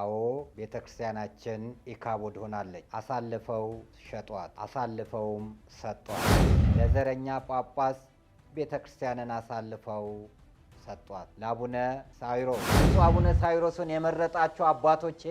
አዎ ቤተ ክርስቲያናችን ኢካቦድ ሆናለች። አሳልፈው ሸጧት፣ አሳልፈውም ሰጧት። ለዘረኛ ጳጳስ ቤተ ክርስቲያንን አሳልፈው ሰጧት። ለአቡነ ሳይሮስ እሱ አቡነ ሳይሮስን የመረጣቸው አባቶቼ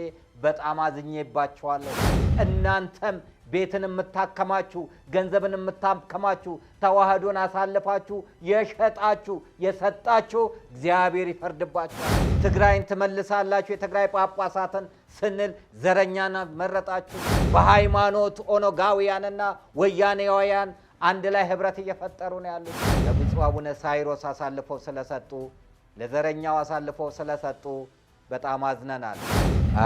በጣም አዝኜባቸዋለሁ። እናንተም ቤትን የምታከማችሁ ገንዘብን የምታከማችሁ ተዋህዶን አሳልፋችሁ የሸጣችሁ የሰጣችሁ እግዚአብሔር ይፈርድባችኋል። ትግራይን ትመልሳላችሁ። የትግራይ ጳጳሳትን ስንል ዘረኛን መረጣችሁ። በሃይማኖት ኦነጋውያንና ወያኔያውያን አንድ ላይ ህብረት እየፈጠሩ ነው ያሉት። ለብፁዕ አቡነ ሳይሮስ አሳልፈው ስለሰጡ፣ ለዘረኛው አሳልፈው ስለሰጡ በጣም አዝነናል።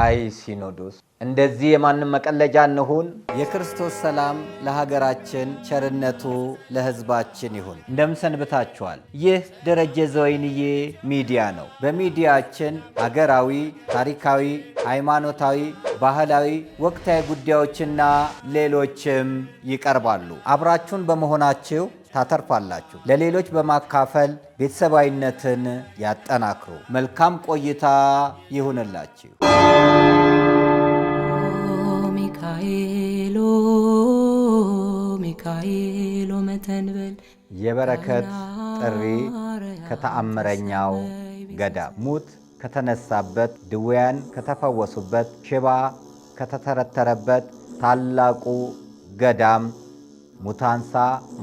አይ ሲኖዶስ እንደዚህ የማንም መቀለጃ እንሁን። የክርስቶስ ሰላም ለሀገራችን፣ ቸርነቱ ለሕዝባችን ይሁን። እንደምሰንብታችኋል። ይህ ደረጀ ዘወይንዬ ሚዲያ ነው። በሚዲያችን ሀገራዊ፣ ታሪካዊ፣ ሃይማኖታዊ፣ ባህላዊ፣ ወቅታዊ ጉዳዮችና ሌሎችም ይቀርባሉ። አብራችሁን በመሆናችሁ ታተርፋላችሁ። ለሌሎች በማካፈል ቤተሰባዊነትን ያጠናክሩ። መልካም ቆይታ ይሁንላችሁ። ሚካኤሎ ሚካኤሎ መተንበል የበረከት ጥሪ ከተአምረኛው ገዳም ሙት ከተነሳበት፣ ድውያን ከተፈወሱበት፣ ሽባ ከተተረተረበት ታላቁ ገዳም ሙታንሳ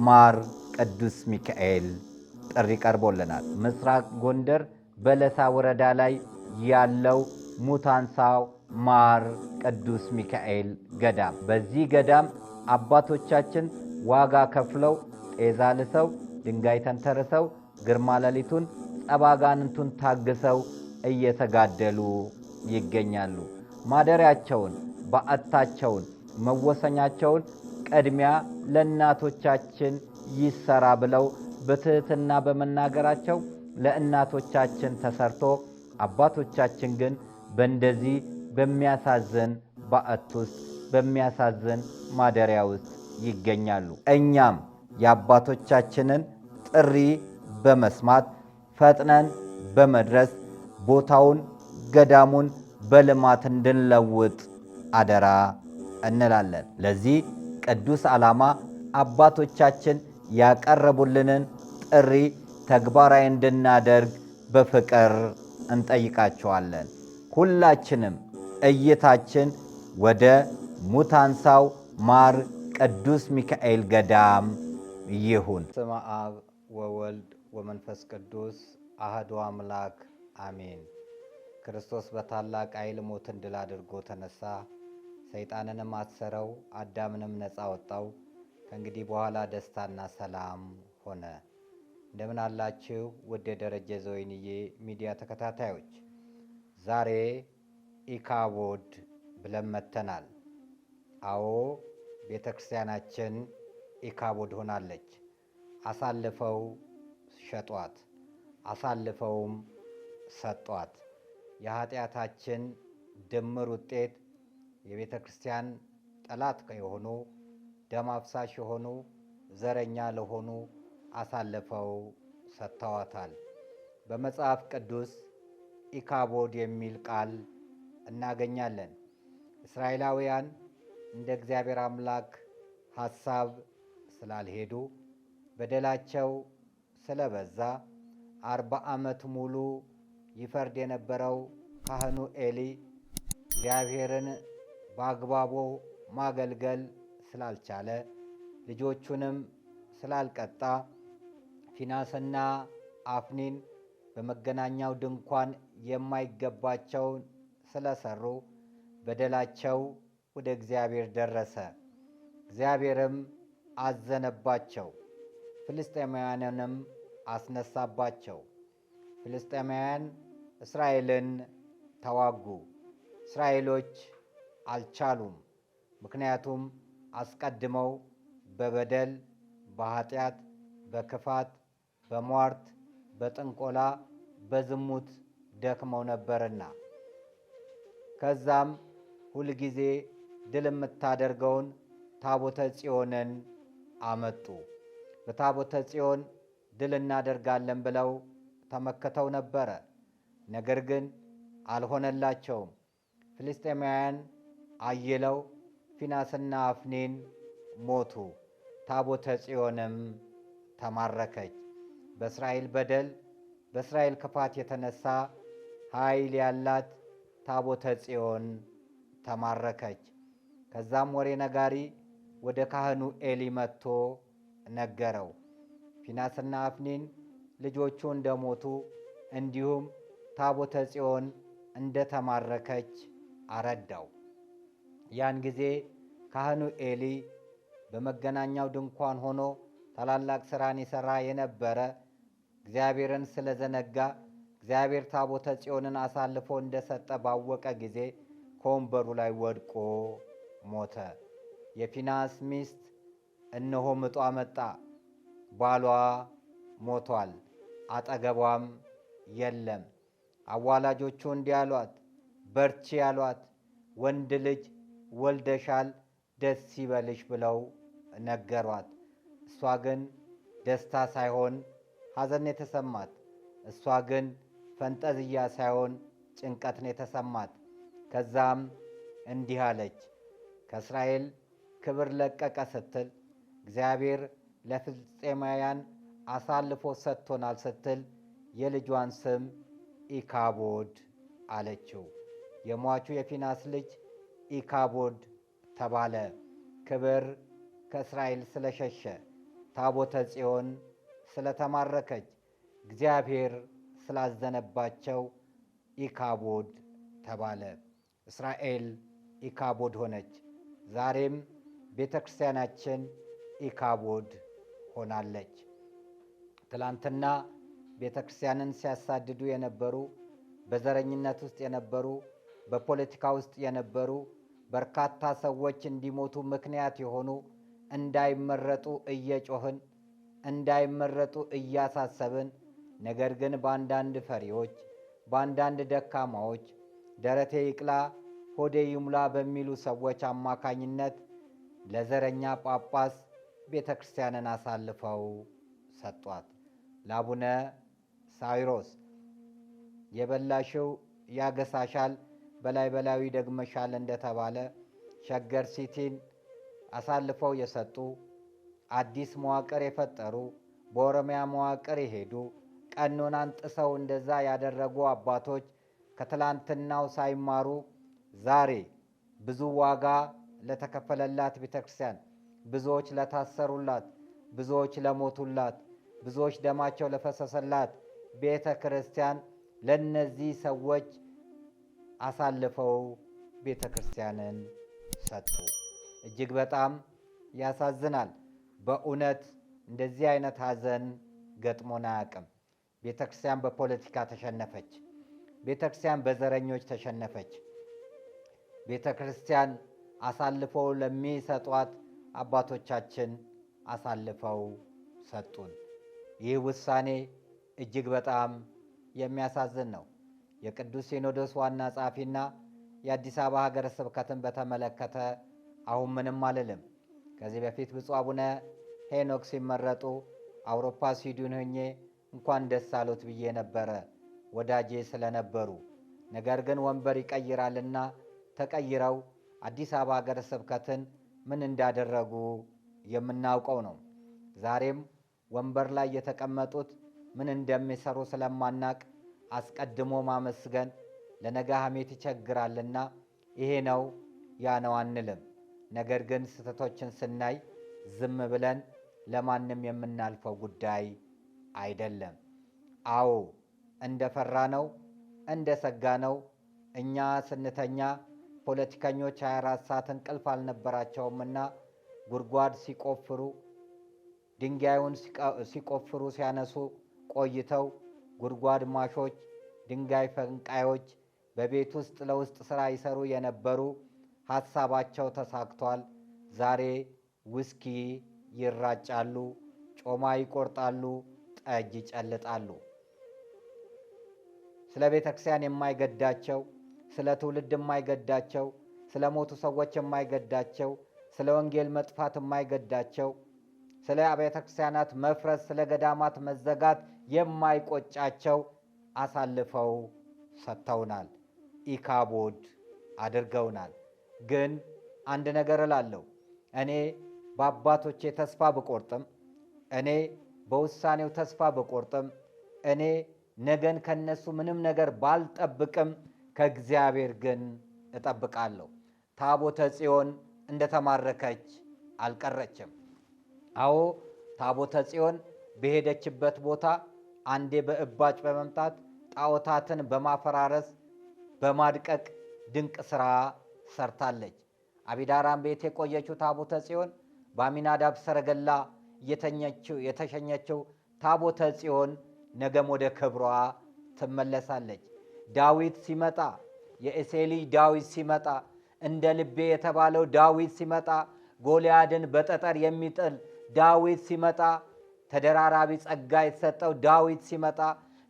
ማር ቅዱስ ሚካኤል ጥሪ ቀርቦልናል። ምስራቅ ጎንደር በለሳ ወረዳ ላይ ያለው ሙታንሳው ማር ቅዱስ ሚካኤል ገዳም። በዚህ ገዳም አባቶቻችን ዋጋ ከፍለው ጤዛ ልሰው ድንጋይ ተንተርሰው ግርማ ሌሊቱን ጸባጋንንቱን ታግሰው እየተጋደሉ ይገኛሉ። ማደሪያቸውን፣ በዓታቸውን፣ መወሰኛቸውን ቅድሚያ ለእናቶቻችን ይሰራ ብለው በትህትና በመናገራቸው ለእናቶቻችን ተሰርቶ አባቶቻችን ግን በእንደዚህ በሚያሳዝን ባዕት ውስጥ በሚያሳዝን ማደሪያ ውስጥ ይገኛሉ። እኛም የአባቶቻችንን ጥሪ በመስማት ፈጥነን በመድረስ ቦታውን ገዳሙን በልማት እንድንለውጥ አደራ እንላለን። ለዚህ ቅዱስ ዓላማ አባቶቻችን ያቀረቡልንን ጥሪ ተግባራዊ እንድናደርግ በፍቅር እንጠይቃቸዋለን። ሁላችንም እይታችን ወደ ሙታንሳው ማር ቅዱስ ሚካኤል ገዳም ይሁን። ስመ አብ ወወልድ ወመንፈስ ቅዱስ አህዶ አምላክ አሜን። ክርስቶስ በታላቅ ኃይል ሞትን ድል አድርጎ ተነሳ። ሰይጣንንም አሰረው፣ አዳምንም ነፃ ወጣው። ከእንግዲህ በኋላ ደስታና ሰላም ሆነ። እንደምን አላችሁ ውድ የደረጀ ዘወይንዬ ሚዲያ ተከታታዮች ዛሬ ኢካቦድ ብለን መተናል። አዎ ቤተ ክርስቲያናችን ኢካቦድ ሆናለች። አሳልፈው ሸጧት፣ አሳልፈውም ሰጧት። የኃጢአታችን ድምር ውጤት የቤተ ክርስቲያን ጠላት የሆኑ ደም አፍሳሽ የሆኑ ዘረኛ ለሆኑ አሳልፈው ሰጥተዋታል። በመጽሐፍ ቅዱስ ኢካቦድ የሚል ቃል እናገኛለን። እስራኤላውያን እንደ እግዚአብሔር አምላክ ሐሳብ ስላልሄዱ በደላቸው ስለበዛ አርባ ዓመት ሙሉ ይፈርድ የነበረው ካህኑ ኤሊ እግዚአብሔርን በአግባቡ ማገልገል ስላልቻለ ልጆቹንም ስላልቀጣ ፊናስና አፍኒን በመገናኛው ድንኳን የማይገባቸውን ስለሰሩ በደላቸው ወደ እግዚአብሔር ደረሰ። እግዚአብሔርም አዘነባቸው፣ ፍልስጤማውያንንም አስነሳባቸው። ፍልስጤማውያን እስራኤልን ተዋጉ። እስራኤሎች አልቻሉም። ምክንያቱም አስቀድመው በበደል በኃጢአት፣ በክፋት፣ በሟርት፣ በጥንቆላ፣ በዝሙት ደክመው ነበርና። ከዛም ሁልጊዜ ድል የምታደርገውን ታቦተ ጽዮንን አመጡ። በታቦተ ጽዮን ድል እናደርጋለን ብለው ተመክተው ነበረ። ነገር ግን አልሆነላቸውም። ፍልስጤማውያን አየለው ፊናስና አፍኒን ሞቱ። ታቦተ ጽዮንም ተማረከች። በእስራኤል በደል በእስራኤል ክፋት የተነሳ ኃይል ያላት ታቦተ ጽዮን ተማረከች። ከዛም ወሬ ነጋሪ ወደ ካህኑ ኤሊ መጥቶ ነገረው። ፊናስና አፍኒን ልጆቹ እንደሞቱ እንዲሁም ታቦተ ጽዮን እንደተማረከች አረዳው። ያን ጊዜ ካህኑ ኤሊ በመገናኛው ድንኳን ሆኖ ታላላቅ ሥራን ይሠራ የነበረ እግዚአብሔርን ስለዘነጋ እግዚአብሔር ታቦተ ጽዮንን አሳልፎ እንደሰጠ ባወቀ ጊዜ ከወንበሩ ላይ ወድቆ ሞተ። የፊናስ ሚስት እነሆ ምጧ መጣ፣ ባሏ ሞቷል፣ አጠገቧም የለም። አዋላጆቹ እንዲህ አሏት፣ በርቺ ያሏት፣ ወንድ ልጅ ወልደሻል፣ ደስ ይበልሽ ብለው ነገሯት። እሷ ግን ደስታ ሳይሆን ሐዘን የተሰማት እሷ ግን ፈንጠዝያ ሳይሆን ጭንቀት ነው የተሰማት። ከዛም እንዲህ አለች፣ ከእስራኤል ክብር ለቀቀ ስትል እግዚአብሔር ለፍልስጤማውያን አሳልፎ ሰጥቶናል ስትል የልጇን ስም ኢካቦድ አለችው። የሟቹ የፊናስ ልጅ ኢካቦድ ተባለ። ክብር ከእስራኤል ስለሸሸ ታቦተ ጽዮን ስለተማረከች እግዚአብሔር ስላዘነባቸው ኢካቦድ ተባለ። እስራኤል ኢካቦድ ሆነች። ዛሬም ቤተ ክርስቲያናችን ኢካቦድ ሆናለች። ትላንትና ቤተ ክርስቲያንን ሲያሳድዱ የነበሩ በዘረኝነት ውስጥ የነበሩ በፖለቲካ ውስጥ የነበሩ በርካታ ሰዎች እንዲሞቱ ምክንያት የሆኑ እንዳይመረጡ እየጮህን እንዳይመረጡ እያሳሰብን ነገር ግን በአንዳንድ ፈሪዎች፣ በአንዳንድ ደካማዎች፣ ደረቴ ይቅላ ሆዴ ይሙላ በሚሉ ሰዎች አማካኝነት ለዘረኛ ጳጳስ ቤተ ክርስቲያንን አሳልፈው ሰጧት። ለአቡነ ሳይሮስ የበላሽው ያገሳሻል፣ በላይ በላዩ ደግመሻል እንደተባለ ሸገር ሲቲን አሳልፈው የሰጡ አዲስ መዋቅር የፈጠሩ በኦሮሚያ መዋቅር የሄዱ ቀኖናን ጥሰው እንደዛ ያደረጉ አባቶች ከትላንትናው ሳይማሩ ዛሬ ብዙ ዋጋ ለተከፈለላት ቤተ ክርስቲያን፣ ብዙዎች ለታሰሩላት፣ ብዙዎች ለሞቱላት፣ ብዙዎች ደማቸው ለፈሰሰላት ቤተ ክርስቲያን ለነዚህ ሰዎች አሳልፈው ቤተ ክርስቲያንን ሰጡ። እጅግ በጣም ያሳዝናል። በእውነት እንደዚህ አይነት ሀዘን ገጥሞን አያውቅም። ቤተ ክርስቲያን በፖለቲካ ተሸነፈች። ቤተ ክርስቲያን በዘረኞች ተሸነፈች። ቤተ ክርስቲያን አሳልፈው ለሚሰጧት አባቶቻችን አሳልፈው ሰጡን። ይህ ውሳኔ እጅግ በጣም የሚያሳዝን ነው። የቅዱስ ሲኖዶስ ዋና ጸሐፊና የአዲስ አበባ ሀገረ ስብከትን በተመለከተ አሁን ምንም አልልም። ከዚህ በፊት ብፁዕ አቡነ ሄኖክ ሲመረጡ አውሮፓ ስዊድን ሆኜ እንኳን ደስ አሎት ብዬ ነበረ ወዳጄ ስለነበሩ። ነገር ግን ወንበር ይቀይራልና ተቀይረው አዲስ አበባ ሀገረ ስብከትን ምን እንዳደረጉ የምናውቀው ነው። ዛሬም ወንበር ላይ የተቀመጡት ምን እንደሚሰሩ ስለማናቅ አስቀድሞ ማመስገን ለነገ ሐሜት ይቸግራልና ይሄ ነው ያ ነው አንልም። ነገር ግን ስህተቶችን ስናይ ዝም ብለን ለማንም የምናልፈው ጉዳይ አይደለም። አዎ እንደ ነው! እንደ ነው! እኛ ስንተኛ ፖለቲከኞች 24 ሰዓት እንቅልፍ አልነበራቸውምና ጉድጓድ ሲቆፍሩ ድንጋዩን ሲቆፍሩ ሲያነሱ ቆይተው ጉድጓድ ማሾች፣ ድንጋይ ፈንቃዮች፣ በቤት ውስጥ ለውስጥ ስራ ይሰሩ የነበሩ ሀሳባቸው ተሳክቷል። ዛሬ ውስኪ ይራጫሉ፣ ጮማ ይቆርጣሉ፣ ጠጅ ይጨልጣሉ። ስለ ቤተ ክርስቲያን የማይገዳቸው፣ ስለ ትውልድ የማይገዳቸው፣ ስለ ሞቱ ሰዎች የማይገዳቸው፣ ስለ ወንጌል መጥፋት የማይገዳቸው፣ ስለ ቤተ ክርስቲያናት መፍረስ፣ ስለ ገዳማት መዘጋት የማይቆጫቸው አሳልፈው ሰጥተውናል። ኢካቦድ አድርገውናል። ግን አንድ ነገር እላለሁ። እኔ በአባቶቼ ተስፋ ብቆርጥም እኔ በውሳኔው ተስፋ በቆርጥም እኔ ነገን ከነሱ ምንም ነገር ባልጠብቅም ከእግዚአብሔር ግን እጠብቃለሁ። ታቦተ ጽዮን እንደተማረከች አልቀረችም። አዎ ታቦተ ጽዮን በሄደችበት ቦታ አንዴ በእባጭ በመምታት ጣዖታትን በማፈራረስ በማድቀቅ ድንቅ ስራ ሰርታለች። አቢዳራም ቤት የቆየችው ታቦተ ጽዮን በአሚናዳብ ሰረገላ የተሸኘችው ታቦተ ጽዮን ነገም ወደ ክብሯ ትመለሳለች። ዳዊት ሲመጣ የእሴይ ልጅ ዳዊት ሲመጣ እንደ ልቤ የተባለው ዳዊት ሲመጣ ጎልያድን በጠጠር የሚጥል ዳዊት ሲመጣ ተደራራቢ ጸጋ የተሰጠው ዳዊት ሲመጣ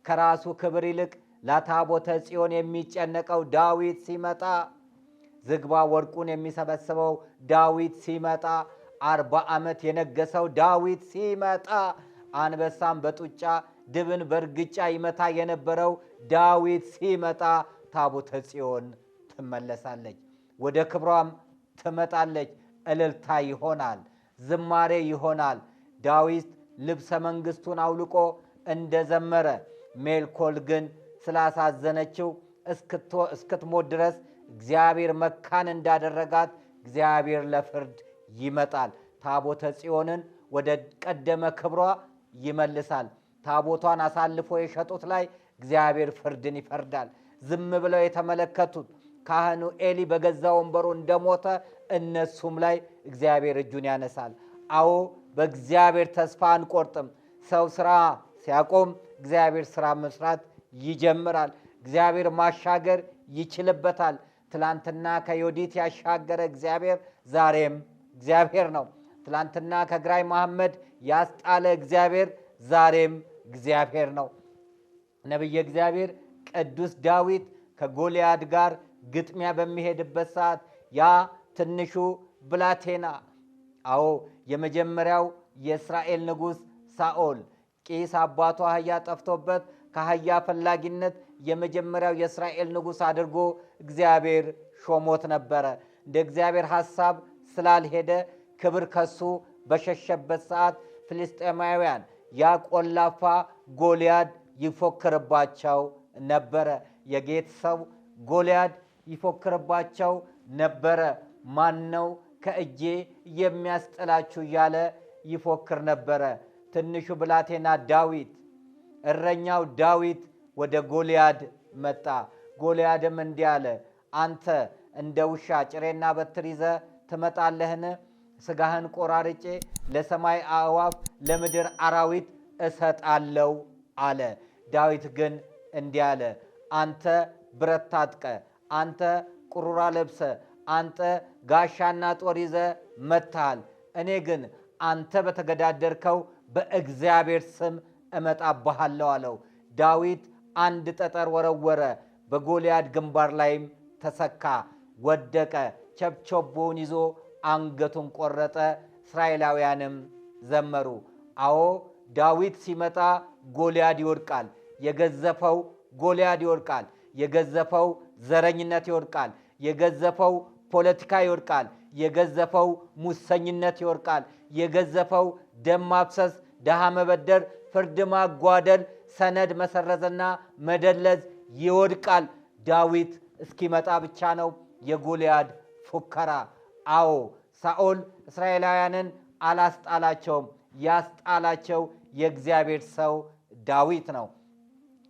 ከራሱ ክብር ይልቅ ለታቦተ ጽዮን የሚጨነቀው ዳዊት ሲመጣ ዝግባ ወርቁን የሚሰበስበው ዳዊት ሲመጣ አርባ ዓመት የነገሰው ዳዊት ሲመጣ አንበሳም በጡጫ ድብን በእርግጫ ይመታ የነበረው ዳዊት ሲመጣ ታቦተ ጽዮን ትመለሳለች፣ ወደ ክብሯም ትመጣለች። እልልታ ይሆናል፣ ዝማሬ ይሆናል። ዳዊት ልብሰ መንግስቱን አውልቆ እንደዘመረ ሜልኮል ግን ስላሳዘነችው እስክትሞት ድረስ እግዚአብሔር መካን እንዳደረጋት እግዚአብሔር ለፍርድ ይመጣል። ታቦተ ጽዮንን ወደ ቀደመ ክብሯ ይመልሳል። ታቦቷን አሳልፎ የሸጡት ላይ እግዚአብሔር ፍርድን ይፈርዳል። ዝም ብለው የተመለከቱት ካህኑ ኤሊ በገዛ ወንበሩ እንደሞተ እነሱም ላይ እግዚአብሔር እጁን ያነሳል። አዎ በእግዚአብሔር ተስፋ አንቆርጥም። ሰው ስራ ሲያቆም እግዚአብሔር ስራ መስራት ይጀምራል። እግዚአብሔር ማሻገር ይችልበታል። ትላንትና ከዮዲት ያሻገረ እግዚአብሔር ዛሬም እግዚአብሔር ነው። ትላንትና ከግራኝ መሐመድ ያስጣለ እግዚአብሔር ዛሬም እግዚአብሔር ነው። ነቢየ እግዚአብሔር ቅዱስ ዳዊት ከጎልያድ ጋር ግጥሚያ በሚሄድበት ሰዓት ያ ትንሹ ብላቴና፣ አዎ የመጀመሪያው የእስራኤል ንጉሥ ሳኦል ቂስ አባቱ አህያ ጠፍቶበት ከአህያ ፈላጊነት የመጀመሪያው የእስራኤል ንጉሥ አድርጎ እግዚአብሔር ሾሞት ነበረ። እንደ እግዚአብሔር ሐሳብ ስላልሄደ ክብር ከሱ በሸሸበት ሰዓት ፍልስጤማውያን ያ ቆላፋ ጎልያድ ይፎክርባቸው ነበረ። የጌት ሰው ጎልያድ ይፎክርባቸው ነበረ። ማን ነው ከእጄ የሚያስጥላችሁ እያለ ይፎክር ነበረ። ትንሹ ብላቴና ዳዊት እረኛው ዳዊት ወደ ጎልያድ መጣ። ጎልያድም እንዲህ አለ፣ አንተ እንደ ውሻ ጭሬና በትር ይዘህ ትመጣለህን? ስጋህን ቆራርጬ ለሰማይ አእዋፍ ለምድር አራዊት እሰጣለው አለ። ዳዊት ግን እንዲህ አለ፣ አንተ ብረት ታጥቀ፣ አንተ ቁሩራ ለብሰ፣ አንተ ጋሻና ጦር ይዘ መጥተሃል። እኔ ግን አንተ በተገዳደርከው በእግዚአብሔር ስም እመጣብሃለሁ አለው። ዳዊት አንድ ጠጠር ወረወረ፣ በጎልያድ ግንባር ላይም ተሰካ፣ ወደቀ። ቸብቸቦውን ይዞ አንገቱን ቆረጠ። እስራኤላውያንም ዘመሩ፣ አዎ ዳዊት ሲመጣ ጎልያድ ይወድቃል። የገዘፈው ጎልያድ ይወድቃል። የገዘፈው ዘረኝነት ይወድቃል። የገዘፈው ፖለቲካ ይወድቃል። የገዘፈው ሙሰኝነት ይወድቃል። የገዘፈው ደም ማፍሰስ፣ ድሃ መበደር፣ ፍርድ ማጓደል፣ ሰነድ መሰረዝና መደለዝ ይወድቃል። ዳዊት እስኪመጣ ብቻ ነው የጎልያድ ፉከራ። አዎ ሳኦል እስራኤላውያንን አላስጣላቸውም። ያስጣላቸው የእግዚአብሔር ሰው ዳዊት ነው።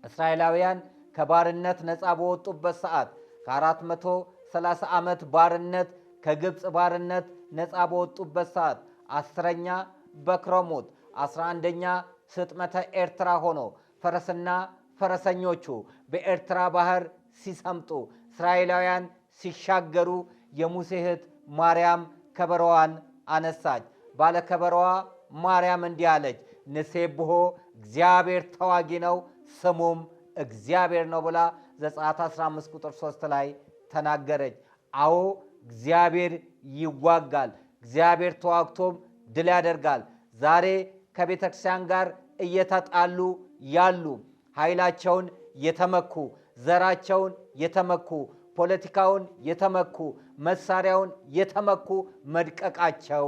እስራኤላውያን ከባርነት ነፃ በወጡበት ሰዓት ከ430 ዓመት ባርነት ከግብፅ ባርነት ነፃ በወጡበት ሰዓት አስረኛ በክረሙት፣ 11ኛ ስጥመተ ኤርትራ ሆኖ ፈረስና ፈረሰኞቹ በኤርትራ ባህር ሲሰምጡ እስራኤላውያን ሲሻገሩ የሙሴ እህት ማርያም ከበሮዋን አነሳች። ባለ ከበሮዋ ማርያም እንዲህ አለች፣ ንሴብሖ እግዚአብሔር ተዋጊ ነው፣ ስሙም እግዚአብሔር ነው ብላ ዘጸአት 15 ቁጥር 3 ላይ ተናገረች። አዎ እግዚአብሔር ይዋጋል፣ እግዚአብሔር ተዋግቶም ድል ያደርጋል። ዛሬ ከቤተ ክርስቲያን ጋር እየተጣሉ ያሉ ኃይላቸውን የተመኩ ዘራቸውን የተመኩ ፖለቲካውን የተመኩ መሳሪያውን የተመኩ መድቀቃቸው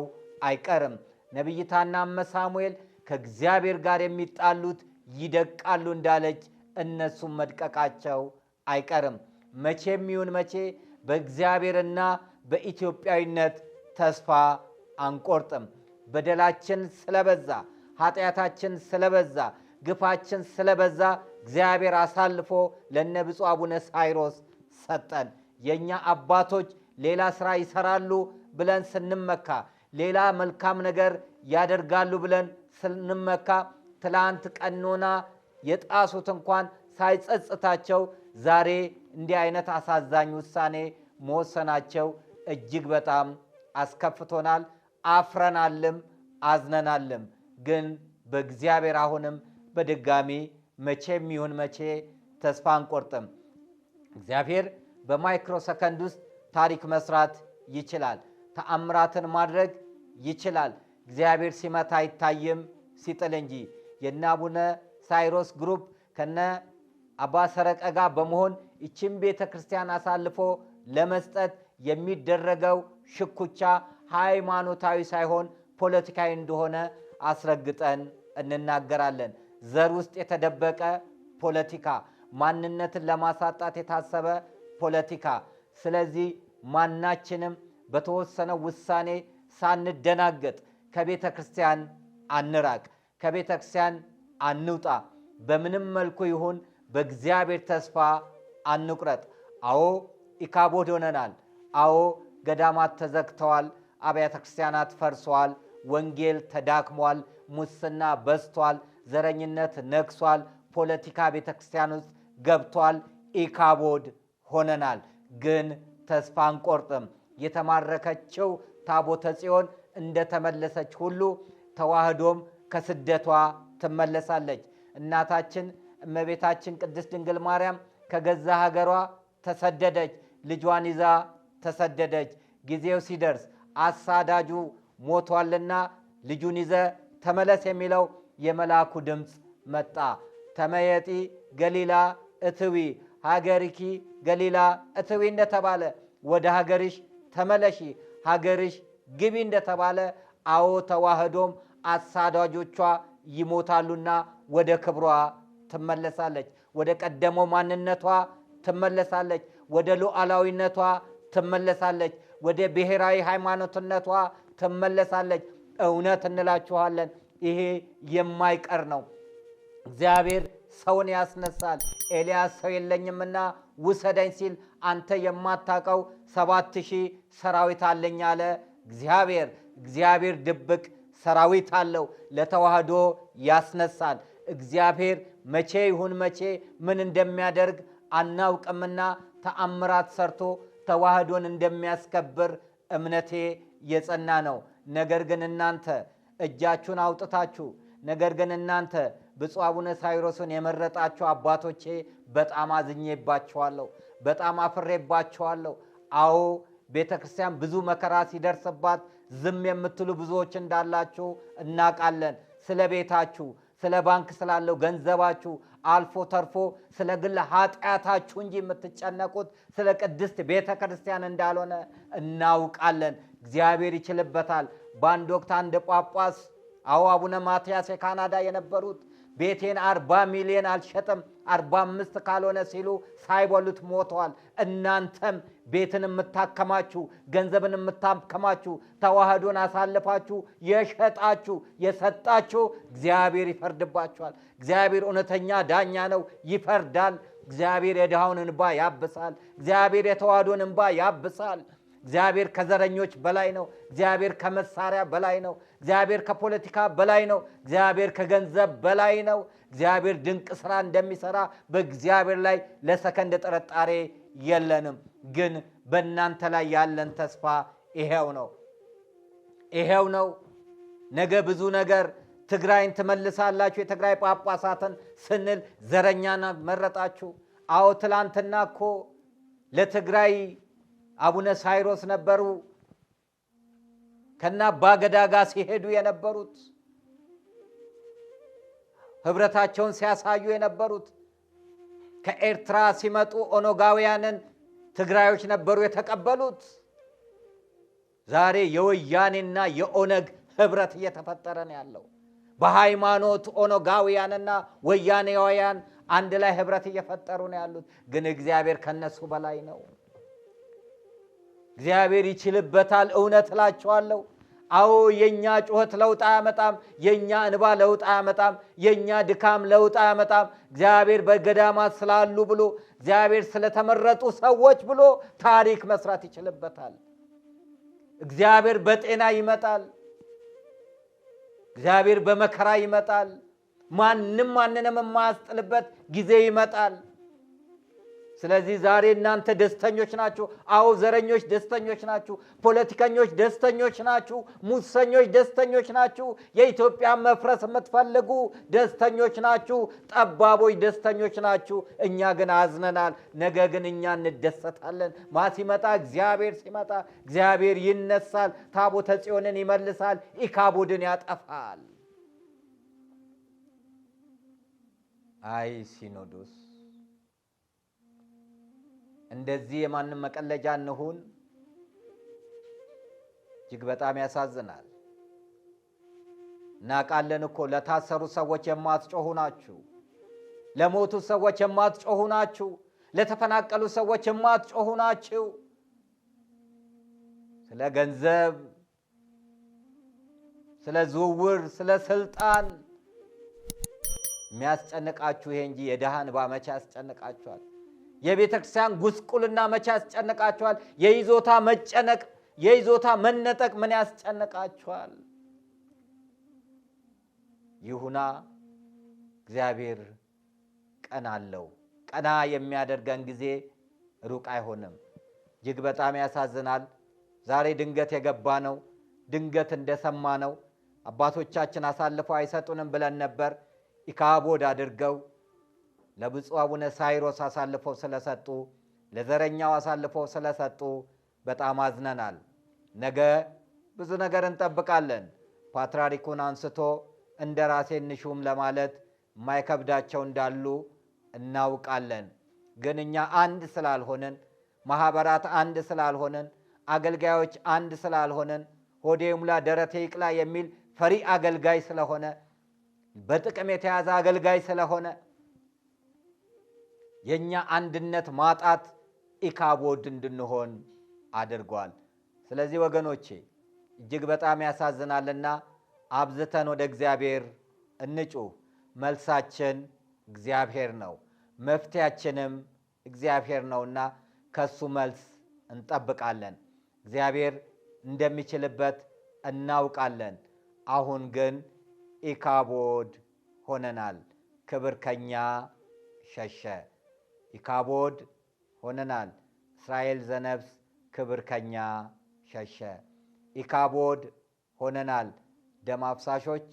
አይቀርም። ነቢይታና ታናመ ሳሙኤል ከእግዚአብሔር ጋር የሚጣሉት ይደቃሉ እንዳለች እነሱም መድቀቃቸው አይቀርም። መቼም ይሁን መቼ በእግዚአብሔርና በኢትዮጵያዊነት ተስፋ አንቆርጥም። በደላችን ስለበዛ፣ ኃጢአታችን ስለበዛ፣ ግፋችን ስለበዛ እግዚአብሔር አሳልፎ ለነ ብፁዕ አቡነ ሳይሮስ ሰጠን። የእኛ አባቶች ሌላ ስራ ይሰራሉ ብለን ስንመካ፣ ሌላ መልካም ነገር ያደርጋሉ ብለን ስንመካ ትላንት ቀኖና የጣሱት እንኳን ሳይጸጽታቸው ዛሬ እንዲህ አይነት አሳዛኝ ውሳኔ መወሰናቸው እጅግ በጣም አስከፍቶናል። አፍረናልም፣ አዝነናልም። ግን በእግዚአብሔር አሁንም በድጋሚ መቼም ይሁን መቼ ተስፋ አንቆርጥም። እግዚአብሔር በማይክሮ ሰከንድ ውስጥ ታሪክ መስራት ይችላል። ተአምራትን ማድረግ ይችላል። እግዚአብሔር ሲመታ አይታይም ሲጥል እንጂ። የነ አቡነ ሳይሮስ ግሩፕ ከነ አባ ሰረቀ ጋር በመሆን ይችን ቤተ ክርስቲያን አሳልፎ ለመስጠት የሚደረገው ሽኩቻ ሃይማኖታዊ ሳይሆን ፖለቲካዊ እንደሆነ አስረግጠን እንናገራለን። ዘር ውስጥ የተደበቀ ፖለቲካ ማንነትን ለማሳጣት የታሰበ ፖለቲካ። ስለዚህ ማናችንም በተወሰነ ውሳኔ ሳንደናገጥ ከቤተ ክርስቲያን አንራቅ፣ ከቤተ ክርስቲያን አንውጣ። በምንም መልኩ ይሁን በእግዚአብሔር ተስፋ አንቁረጥ። አዎ ኢካቦድ ሆነናል። አዎ ገዳማት ተዘግተዋል። አብያተ ክርስቲያናት ፈርሰዋል። ወንጌል ተዳክሟል። ሙስና በዝቷል። ዘረኝነት ነግሷል። ፖለቲካ ቤተ ክርስቲያን ውስጥ ገብቷል። ኢካቦድ ሆነናል። ግን ተስፋ አንቆርጥም። የተማረከችው ታቦተ ጽዮን እንደተመለሰች ሁሉ ተዋህዶም ከስደቷ ትመለሳለች። እናታችን እመቤታችን ቅድስት ድንግል ማርያም ከገዛ ሀገሯ ተሰደደች። ልጇን ይዛ ተሰደደች። ጊዜው ሲደርስ አሳዳጁ ሞቷልና ልጁን ይዘ ተመለስ የሚለው የመልአኩ ድምፅ መጣ። ተመየጢ ገሊላ እትዊ ሀገሪኪ ገሊላ እትዊ እንደተባለ ወደ ሀገርሽ ተመለሺ፣ ሀገርሽ ግቢ እንደተባለ አዎ ተዋህዶም አሳዳጆቿ ይሞታሉና ወደ ክብሯ ትመለሳለች፣ ወደ ቀደሞ ማንነቷ ትመለሳለች፣ ወደ ሉዓላዊነቷ ትመለሳለች፣ ወደ ብሔራዊ ሃይማኖትነቷ ትመለሳለች። እውነት እንላችኋለን ይሄ የማይቀር ነው እግዚአብሔር ሰውን ያስነሳል። ኤልያስ ሰው የለኝምና ውሰደኝ ሲል አንተ የማታውቀው ሰባት ሺህ ሰራዊት አለኝ አለ እግዚአብሔር። እግዚአብሔር ድብቅ ሰራዊት አለው፣ ለተዋህዶ ያስነሳል። እግዚአብሔር መቼ ይሁን መቼ ምን እንደሚያደርግ አናውቅምና ተአምራት ሰርቶ ተዋህዶን እንደሚያስከብር እምነቴ የጸና ነው። ነገር ግን እናንተ እጃችሁን አውጥታችሁ ነገር ግን እናንተ ብፁዕ አቡነ ሳይሮስን የመረጣቸው አባቶቼ በጣም አዝኜባቸዋለሁ፣ በጣም አፍሬባቸዋለሁ። አዎ ቤተ ክርስቲያን ብዙ መከራ ሲደርስባት ዝም የምትሉ ብዙዎች እንዳላችሁ እናውቃለን። ስለ ቤታችሁ፣ ስለ ባንክ ስላለው ገንዘባችሁ አልፎ ተርፎ ስለ ግል ኃጢአታችሁ እንጂ የምትጨነቁት ስለ ቅድስት ቤተ ክርስቲያን እንዳልሆነ እናውቃለን። እግዚአብሔር ይችልበታል። በአንድ ወቅት አንድ ጳጳስ አዎ አቡነ ማትያስ የካናዳ የነበሩት ቤቴን አርባ ሚሊዮን አልሸጥም አርባ አምስት ካልሆነ ሲሉ ሳይበሉት ሞተዋል። እናንተም ቤትን የምታከማችሁ ገንዘብን የምታከማችሁ ተዋህዶን አሳልፋችሁ የሸጣችሁ የሰጣችሁ እግዚአብሔር ይፈርድባችኋል። እግዚአብሔር እውነተኛ ዳኛ ነው፣ ይፈርዳል። እግዚአብሔር የድሃውን እንባ ያብሳል። እግዚአብሔር የተዋህዶን እንባ ያብሳል። እግዚአብሔር ከዘረኞች በላይ ነው። እግዚአብሔር ከመሳሪያ በላይ ነው። እግዚአብሔር ከፖለቲካ በላይ ነው። እግዚአብሔር ከገንዘብ በላይ ነው። እግዚአብሔር ድንቅ ስራ እንደሚሰራ በእግዚአብሔር ላይ ለሰከንድ ጥርጣሬ የለንም። ግን በእናንተ ላይ ያለን ተስፋ ይሄው ነው፣ ይሄው ነው። ነገ ብዙ ነገር ትግራይን ትመልሳላችሁ፣ የትግራይ ጳጳሳትን ስንል ዘረኛና መረጣችሁ። አዎ ትላንትና እኮ ለትግራይ አቡነ ሳይሮስ ነበሩ። ከና ባገዳ ጋር ሲሄዱ የነበሩት ህብረታቸውን ሲያሳዩ የነበሩት ከኤርትራ ሲመጡ ኦኖጋውያንን ትግራዮች ነበሩ የተቀበሉት። ዛሬ የወያኔና የኦነግ ህብረት እየተፈጠረ ነው ያለው። በሃይማኖት ኦኖጋውያንና ወያኔያውያን አንድ ላይ ህብረት እየፈጠሩ ነው ያሉት። ግን እግዚአብሔር ከነሱ በላይ ነው። እግዚአብሔር ይችልበታል። እውነት እላችኋለሁ። አዎ የእኛ ጩኸት ለውጥ አያመጣም። የእኛ እንባ ለውጥ አያመጣም። የእኛ ድካም ለውጥ አያመጣም። እግዚአብሔር በገዳማት ስላሉ ብሎ እግዚአብሔር ስለተመረጡ ሰዎች ብሎ ታሪክ መስራት ይችልበታል። እግዚአብሔር በጤና ይመጣል። እግዚአብሔር በመከራ ይመጣል። ማንም ማንንም የማያስጥልበት ጊዜ ይመጣል። ስለዚህ ዛሬ እናንተ ደስተኞች ናችሁ። አዎ ዘረኞች ደስተኞች ናችሁ። ፖለቲከኞች ደስተኞች ናችሁ። ሙሰኞች ደስተኞች ናችሁ። የኢትዮጵያ መፍረስ የምትፈልጉ ደስተኞች ናችሁ። ጠባቦች ደስተኞች ናችሁ። እኛ ግን አዝነናል። ነገ ግን እኛ እንደሰታለን። ማ ሲመጣ? እግዚአብሔር ሲመጣ እግዚአብሔር ይነሳል። ታቦተ ጽዮንን ይመልሳል። ኢካቦድን ያጠፋል። አይ ሲኖዶስ እንደዚህ የማንም መቀለጃ እንሁን። እጅግ በጣም ያሳዝናል። ቃለን እኮ ለታሰሩ ሰዎች የማትጮሁ ናችሁ፣ ለሞቱ ሰዎች የማትጮሁ ናችሁ፣ ለተፈናቀሉ ሰዎች የማትጮሁ ናችሁ። ስለ ገንዘብ፣ ስለ ዝውውር፣ ስለ ስልጣን የሚያስጨንቃችሁ ይሄ እንጂ የድሃን ባመቻ ያስጨንቃችኋል። የቤተ ክርስቲያን ጉስቁልና መቼ ያስጨንቃችኋል? የይዞታ መጨነቅ፣ የይዞታ መነጠቅ ምን ያስጨንቃችኋል? ይሁና እግዚአብሔር ቀን አለው። ቀና የሚያደርገን ጊዜ ሩቅ አይሆንም። እጅግ በጣም ያሳዝናል። ዛሬ ድንገት የገባ ነው። ድንገት እንደሰማ ነው። አባቶቻችን አሳልፈው አይሰጡንም ብለን ነበር። ኢካቦድ አድርገው ለብፁዕ አቡነ ሳይሮስ አሳልፈው ስለሰጡ፣ ለዘረኛው አሳልፈው ስለሰጡ በጣም አዝነናል። ነገ ብዙ ነገር እንጠብቃለን። ፓትርያርኩን አንስቶ እንደ ራሴ እንሹም ለማለት የማይከብዳቸው እንዳሉ እናውቃለን። ግን እኛ አንድ ስላልሆንን፣ ማህበራት አንድ ስላልሆንን፣ አገልጋዮች አንድ ስላልሆንን፣ ሆዴ ሙላ ደረቴ ይቅላ የሚል ፈሪ አገልጋይ ስለሆነ፣ በጥቅም የተያዘ አገልጋይ ስለሆነ የእኛ አንድነት ማጣት ኢካቦድ እንድንሆን አድርጓል። ስለዚህ ወገኖቼ እጅግ በጣም ያሳዝናልና አብዝተን ወደ እግዚአብሔር እንጩህ። መልሳችን እግዚአብሔር ነው፣ መፍትያችንም እግዚአብሔር ነውና ከሱ መልስ እንጠብቃለን። እግዚአብሔር እንደሚችልበት እናውቃለን። አሁን ግን ኢካቦድ ሆነናል። ክብር ከኛ ሸሸ። ኢካቦድ ሆነናል። እስራኤል ዘነብስ ክብር ከኛ ሸሸ። ኢካቦድ ሆነናል። ደም አፍሳሾች፣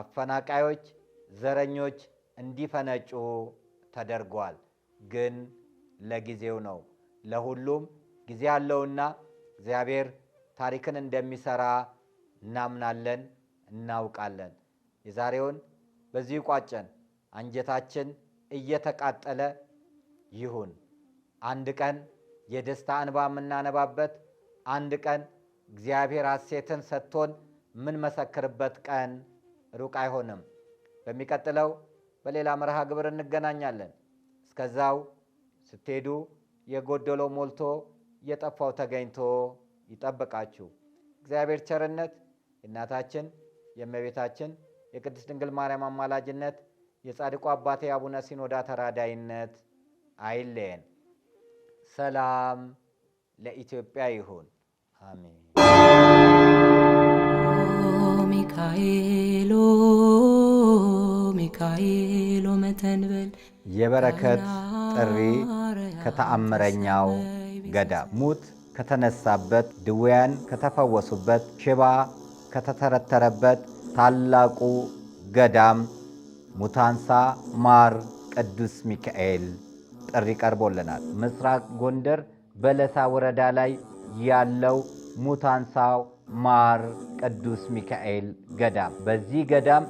አፈናቃዮች፣ ዘረኞች እንዲፈነጩ ተደርጓል። ግን ለጊዜው ነው። ለሁሉም ጊዜ አለውና እግዚአብሔር ታሪክን እንደሚሰራ እናምናለን፣ እናውቃለን። የዛሬውን በዚህ ቋጨን። አንጀታችን እየተቃጠለ ይሁን። አንድ ቀን የደስታ እንባ የምናነባበት፣ አንድ ቀን እግዚአብሔር ሐሴትን ሰጥቶን የምንመሰክርበት ቀን ሩቅ አይሆንም። በሚቀጥለው በሌላ መርሃ ግብር እንገናኛለን። እስከዛው ስትሄዱ የጎደለው ሞልቶ የጠፋው ተገኝቶ ይጠብቃችሁ። እግዚአብሔር ቸርነት የእናታችን የእመቤታችን የቅድስት ድንግል ማርያም አማላጅነት የጻድቁ አባቴ አቡነ ሲኖዳ ተራዳይነት አይለየን። ሰላም ለኢትዮጵያ ይሁን። አሜን። ሚካኤሎ ሚካኤሎ መተንበል የበረከት ጥሪ ከተአምረኛው ገዳም ሙት ከተነሳበት፣ ድውያን ከተፈወሱበት፣ ሽባ ከተተረተረበት ታላቁ ገዳም ሙታንሳ ማር ቅዱስ ሚካኤል ጥሪ ቀርቦልናል። ምስራቅ ጎንደር በለሳ ወረዳ ላይ ያለው ሙታንሳው ማር ቅዱስ ሚካኤል ገዳም። በዚህ ገዳም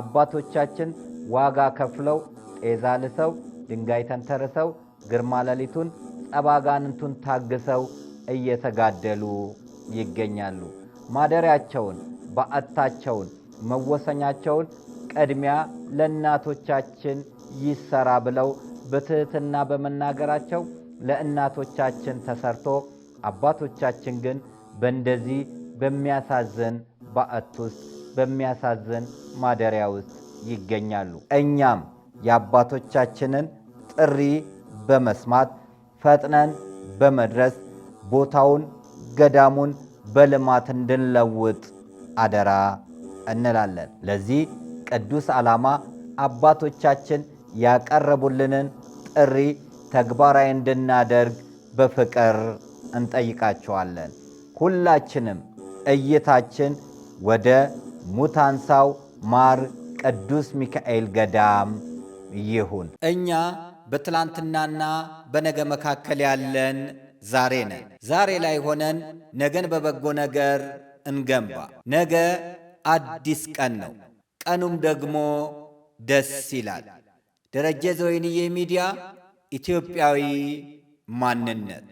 አባቶቻችን ዋጋ ከፍለው ጤዛ ልሰው ድንጋይ ተንተርሰው ግርማ ሌሊቱን ጸባጋንንቱን ታግሰው እየተጋደሉ ይገኛሉ። ማደሪያቸውን፣ በዓታቸውን፣ መወሰኛቸውን ቀድሚያ ለእናቶቻችን ይሰራ ብለው በትህትና በመናገራቸው ለእናቶቻችን ተሰርቶ አባቶቻችን ግን በእንደዚህ በሚያሳዝን ባዕት ውስጥ በሚያሳዝን ማደሪያ ውስጥ ይገኛሉ። እኛም የአባቶቻችንን ጥሪ በመስማት ፈጥነን በመድረስ ቦታውን ገዳሙን በልማት እንድንለውጥ አደራ እንላለን። ለዚህ ቅዱስ ዓላማ አባቶቻችን ያቀረቡልንን ጥሪ ተግባራዊ እንድናደርግ በፍቅር እንጠይቃቸዋለን። ሁላችንም እይታችን ወደ ሙታንሳው ማር ቅዱስ ሚካኤል ገዳም ይሁን። እኛ በትላንትናና በነገ መካከል ያለን ዛሬ ነን። ዛሬ ላይ ሆነን ነገን በበጎ ነገር እንገንባ። ነገ አዲስ ቀን ነው። ቀኑም ደግሞ ደስ ይላል። ደረጀ ዘወይንዬ ሚዲያ ኢትዮጵያዊ ማንነት